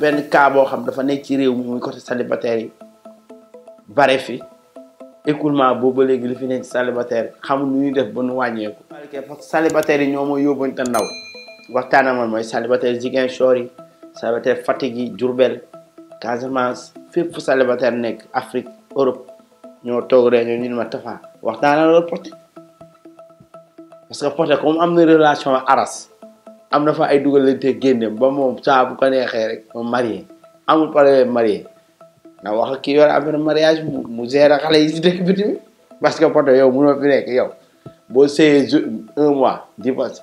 benn cas boo xam dafa nekk ci réew mi muy côté célibataire yi bare fi écoulement boobu léegi lu fi nekk célibataire xamul nu ñuy def ba nu wàññeeku. parce que célibataire yi ñoo mooy yóbbuñ te ndaw waxtaanamal mooy célibataire Ziguinchor yi célibataire Fatick jurbel Diourbel Casamance fépp fu célibataire nekk Afrique Europe ñoo toog rek ñu ne ma Tafa waxtaanal loolu Poté parce que Poté comme am na relation aras am na fa ay dugalante génne ba moom saa bu ko neexee rek moom marié amul problème marié wax ak kii yor affaire mariage mu mu gérer xale yi si dëkk bi tamit parce que poto yow mënoo fi nekk yow boo seeyee un mois divorce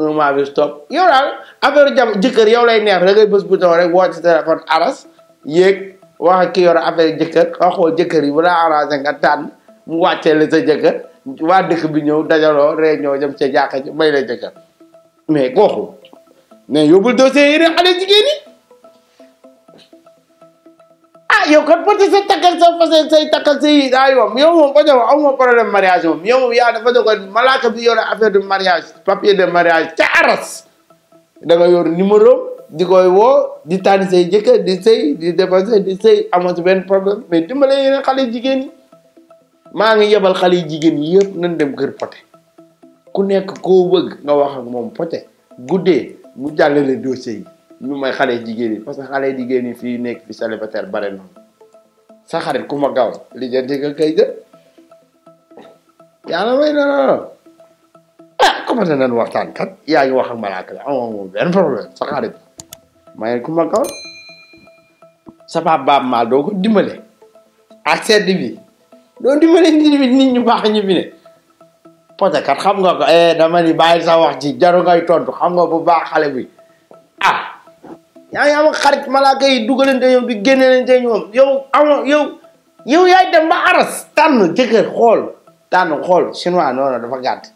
un mois bi stop yow daal affaire jëkkër yow lay neex da ngay bës bouton rek woo ci téléphone aras yéeg wax ak kii yor affaire jëkkër nga xool jëkkër yi bu la arrangé nga tànn mu wàccee la sa jëkkër waa dëkk bi ñëw dajaloo ree ñëw jëm ca jàkka ji may la mais kooku mais yóbbul dossier yi rek xale jigéen ñi ah yow kat porte sa takkal sa fas say takkal say ay moom yow moom fajoo ma problème mariage moom yow moom yaa dafa doon ko malaaka bi yore affaire de mariage papier de mariage ca aras da yor numéro di wo di tànn say jëkkër di sëy di dépenser di sëy amoo si benn problème mais dimbale yeneen xale jigéen maa ngi yebal xale jigéen ñi yëpp nañ dem kër Poté. ku nekk ko bëgg nga wax moom pote guddee mu jàllale dossier yi ñu may xale jigéen yi parce que xale jigéen yi fii nekk fi célibataire bare na sa xarit ku ma gaaw li jënti nga kay jë may na ah commencé nañ waxtaan kat yaa ngi wax ak malaaka la amoo moom benn problème doo ko dimbale ak bi nit ñu baax ñu fi ne parce kat xam nga ko eh dama ni bàyyi sa wax ji jaru ngay tontu xam nga bu baax xale bi ah yaa ngi am xarit malaaka yi dugalante ñoom bi génneelante ñoom yow amoo yow yow yaay dem ba aras tànn jëkkër xool tànn xool chinois noonu dafa gàtt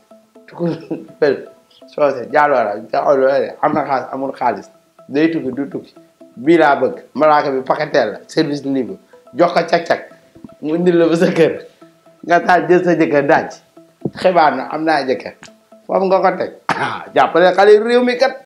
amul xaalis day tukki du tukki bii laa bëgg malaaka bi paketeel service libre jox ko cag mu indil la ba sa nga taal jël sa jëkkër daaj xibaar na am naa jëkkër foofu nga ko teg ah jàppale xale réew mi kat